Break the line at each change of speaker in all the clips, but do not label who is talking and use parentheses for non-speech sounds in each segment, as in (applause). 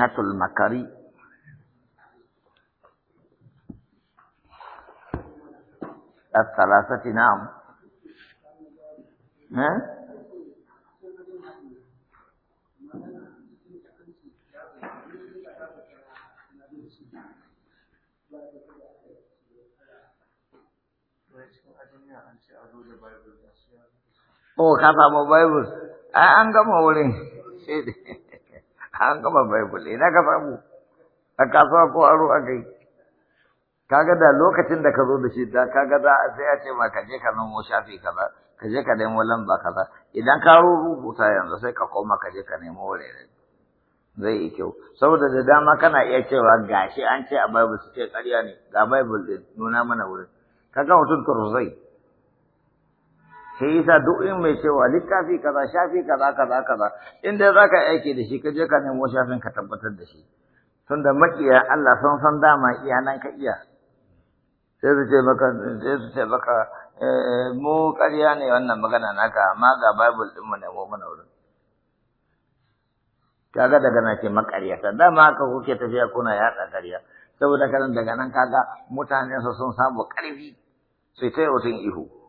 ajnihatul makari الثلاثة نعم ها؟ Oh, ka samu Bible, an gama wurin sai an gama Bible ina ka samu a kasuwa ko aro a kai kaga da lokacin da ka zo da shi da kaga za a sai a ce ma ka je ka nemo shafi kaza ka je ka nemo lamba kaza idan ka rubuta yanzu sai ka koma ka je ka nemo wurare zai yi kyau saboda da dama kana iya cewa gashi an ce a Bible su ce ƙarya ne ga Bible din nuna mana wurin kaga mutum turzai sai yasa duk in mai cewa littafi kaza shafi kaza kaza kaza in dai zaka aiki da shi ka je ka nemo shafin ka tabbatar da shi tunda makiya Allah san san dama iya nan ka iya sai su ce maka sai su ce maka eh, mu ƙarya ne wannan magana naka amma ga bible din mu ne mu muna wurin kaga daga na ce ta, dama ka kuke tafiya kuna yaɗa ƙarya saboda kana daga nan kaga mutane su sun samu ƙarfi sai ta yi ihu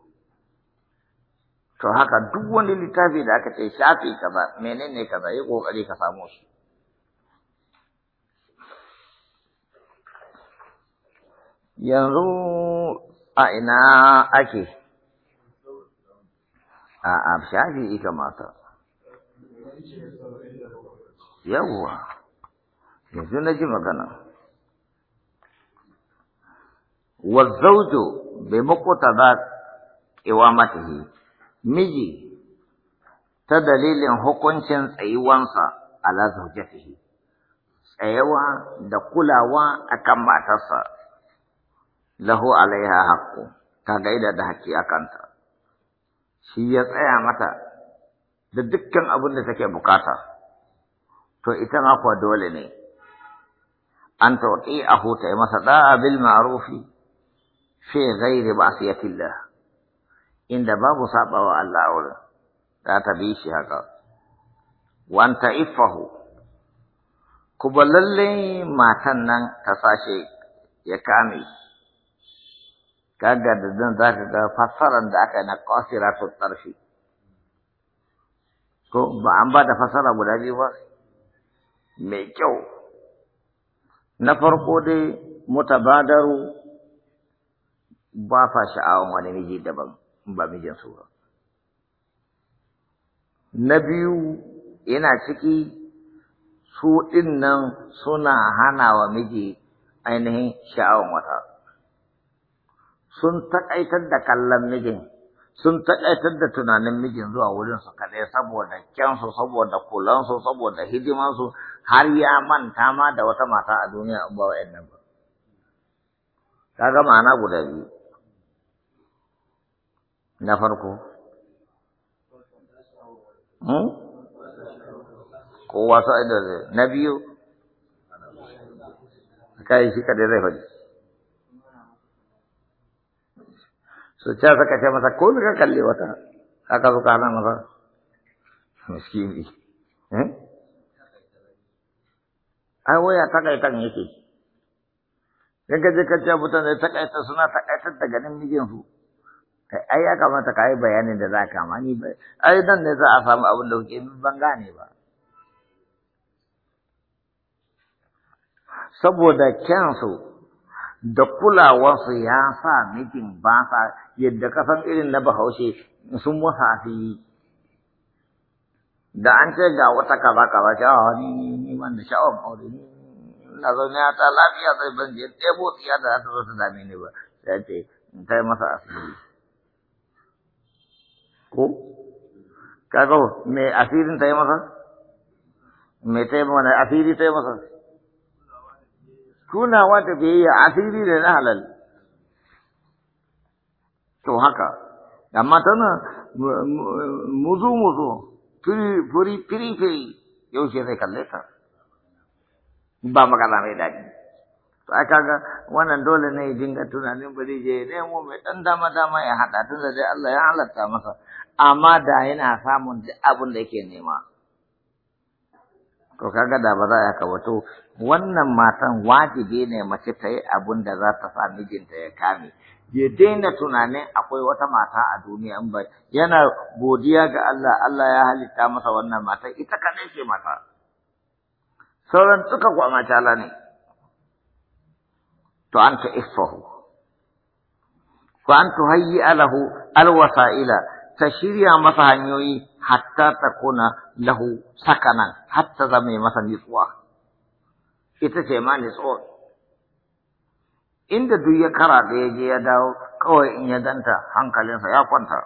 to haka duk wani littafi da aka ce shafi kaza menene kaza yi kokari ka samu su yanzu a ina ake a a shafi ika mata yawwa yanzu na ji magana Wa والزوج بمقتضى قوامته miji ta dalilin hukuncin tsayuwansa ala zaujatihi tsayawa da kulawa akan matarsa lahu alaiha haqqu ka gaida da haƙƙi akanta shi ya tsaya mata da dukkan abin da take bukata to ita ma kuwa dole ne an tauti a huta masa da'a bil ma'rufi fi ghairi ba'siyatillah inda babu saɓawa Allah aure. wurin za ta bi shi haka wanta ifahu ba lalle matan nan ta sashe ya kame kaga da zan za ka ga da aka yi na kasiratu tsarfi ko ba an ba da fassara guda biyu ba mai kyau na farko dai mutabadaru ba fa sha'awan wani miji daban ba mijinsu ba na biyu yana ciki su ɗin nan suna hana wa miji ainihin sha'awan wata sun taƙaitar da kallon mijin sun taƙaitar da tunanin mijin zuwa wurinsu kaɗai saboda kyansu saboda kulansu saboda hidimansu har ya manta ma da wata mata a duniya in ba wa'annan ba kaga ma'ana guda biyu na farko hmm? ko wasu da na biyu kai shi kadai zai faɗi su ca saka ce masa ko ka kalle wata aka zo kana masa miskini hmm? ai waya takaitan yake sai ka je ka ce ta takaita suna takaitar da ganin su ai ya kamata ka yi bayanin da za ka kama ni ba ai nan ne za a samu abin da kuke ban gane ba saboda kyansu da kulawarsu ya sa mijin ba sa yadda kasan irin na bahaushe sun musafi da an ce ga wata kaza kaza ce a ah, ni ni da sha'awar aure ni ina zaune a ta lafiya sai ban je ɗebo tsiya da za ta zo ta dame ni ba sai ce in kai masa asiri ko kaga me asirin ta yi masa me ta yi mana asiri ta yi masa tunawa ta ya asiri da na halal to haka amma tana muzu muzu firi firi Yau ce yaushe zai kalle ta ba magana mai daɗi sai kaga wannan dole ne ya dinga tunanin bari je ya nemo mai dan dama dama ya hada tun da dai Allah ya halatta masa amma da yana samun duk abin da yake nema to kaga da ba za a ka To wannan matan wajibi ne mace ta yi abin da za ta sa mijinta ya kame ya daina tunanin akwai wata mata a duniya in ba yana godiya ga Allah Allah ya halitta masa wannan mata ita kadai ce mata sauran suka kwa mata ne to an ta iffahu ko an tuhayyi alahu alwasa'ila ta shirya masa hanyoyi hatta ta kuna lahu sakanan hatta zame masa nitsuwa ita ce ma nitsuwa inda duk ya kara da ya je ya dawo kawai in ya danta hankalinsa ya kwanta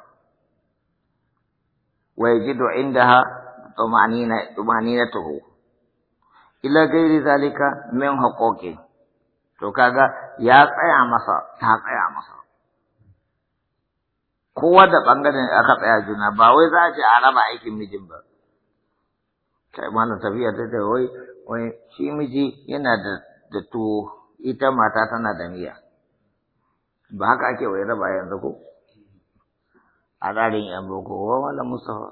wa yajidu indaha tumanina tumaninatuhu ila gairi zalika min haqqoqi to kaga ya tsaya masa ta tsaya masa kowa da bangaren aka tsaya juna ba wai za a ce a raba aikin mijin ba kai mana tafiya ta da wai wai shi miji yana da da tuwo ita mata tana da miya ba haka ake wai raba yanzu ko a tsarin yan boko wa wala mustafa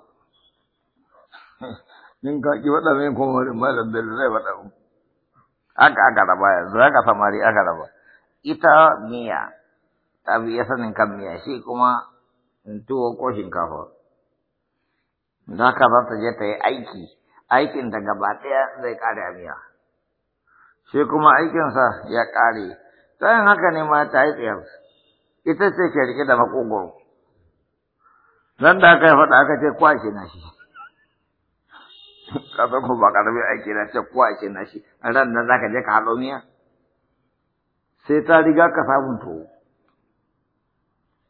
(laughs) nin ka ki wada min kuma malam bello zai wada Aka aka raba yanzu aka samari aka raba. Ita miya ta biya sanin kan miya shi kuma tuwo ko shinkafa. Za ka za ta je ta yi aiki, aikin da gaba ɗaya zai kare a miya. Shi kuma aikinsa ya ƙare. Tsayin haka ne ma ta yi tsayar. Ita ce ke rike da makogoro. Nan da aka yi faɗa aka ce kwashe na shi. san ko ba karami aiki na ce ko aiki na shi ran nan zaka je ka haɗo miya sai ta riga ka samun to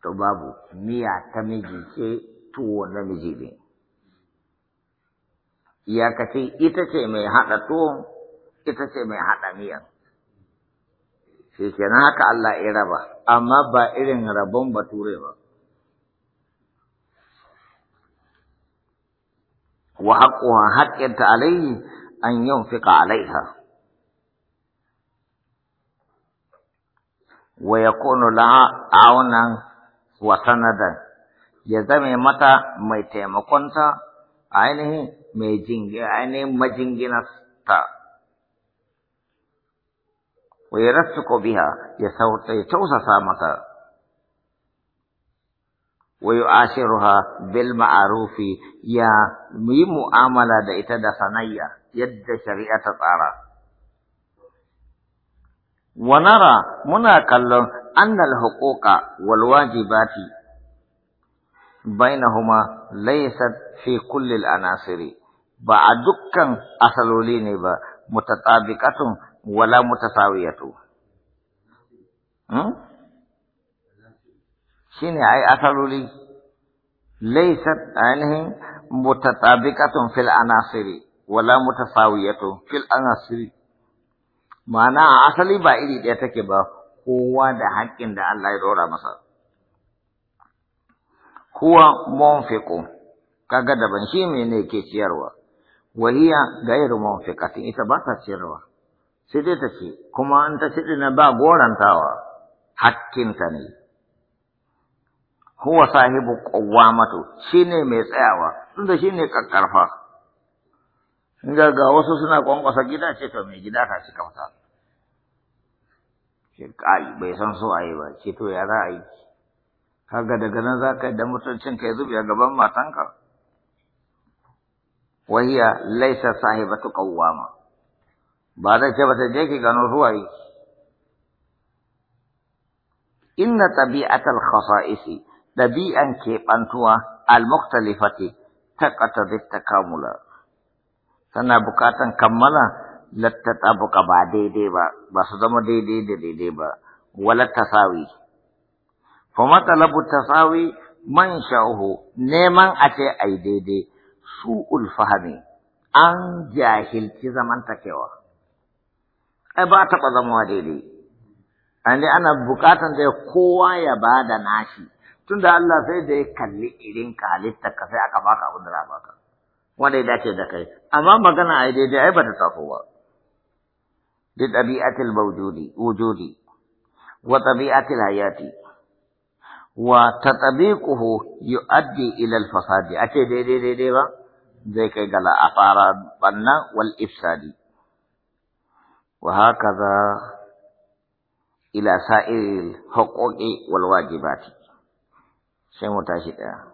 to babu miya ta miji ce tuwo na miji ne iyakace ita ce mai haɗa tuwon ita ce mai haɗa miyan shi kenan haka Allah ya raba amma ba irin rabon bature ba wa haƙƙuwa haƙƙinta alaihi an yunfiƙa alaiha wa yakunu laha aunan wa ya zame mata mai taimakonta ainihin mai jingi ainihin majinginarta wa yarassuku biha ya sauta ya tausasa mata Wai ashirin bil ma'arufi ya yi mu'amala da ita da sanayya yadda shari'a ta tsara. Wanara muna kallon annal hukuka walwaji bati. Baina huma laisan shaikulil a Nasiru ba a dukkan asaloli ne ba, mu ta wala mu ta shine ai asaloli laysat ainihin mutatabiqatun fil anasiri wala mutasawiyatu fil anasiri ma'ana asali ba iri ɗaya take ba kowa da haƙƙin da Allah ya dora masa huwa munfiqu kaga daban shi ne ke ciyarwa wahiya gairu munfiqatin ita ba ta ciyarwa sai dai ta ce kuma an ta ci na ba gorantawa hakkinta ne huwa sahibu qawwamatu shine mai tsayawa tunda shine kakkarfa inda ga wasu suna kwankwasa gida ce to mai gida ka cika masa shi kai bai san so ayi ba ce to ya za a yi kaga daga nan za ka da mutuncin kai ya a gaban matanka wahiya laisa sahibatu qawwama ba zai ce ba ta je ki gano suwaye inna tabi'atal khasa'isi ɗabi'an keɓantuwa al-muktalifati ta kamula. tana bukatan kammala lattata buka ba daidai ba ba su zama daidai da daidai ba wala tasawi fa matalabu tasawi man sha'uhu neman a ce ai daidai su ulfahami. an jahilci zamantakewa ai ba taɓa zama daidai an ana bukatan da kowa ya ba da nashi tunda Allah sai da ya kalli irin ka ka sai aka baka abin da za a baka wanda ya dace da kai amma magana ai daidai ai ba ta taso ba da tabi'atil mawjudi wujudi wa tabi'atil hayati wa tatabiquhu yu'addi ila al-fasad ake daidai daidai ba zai kai gala a banna wal ifsadi wa hakaza ila sa'il huquqi wal wajibati 谁给我带去的呀？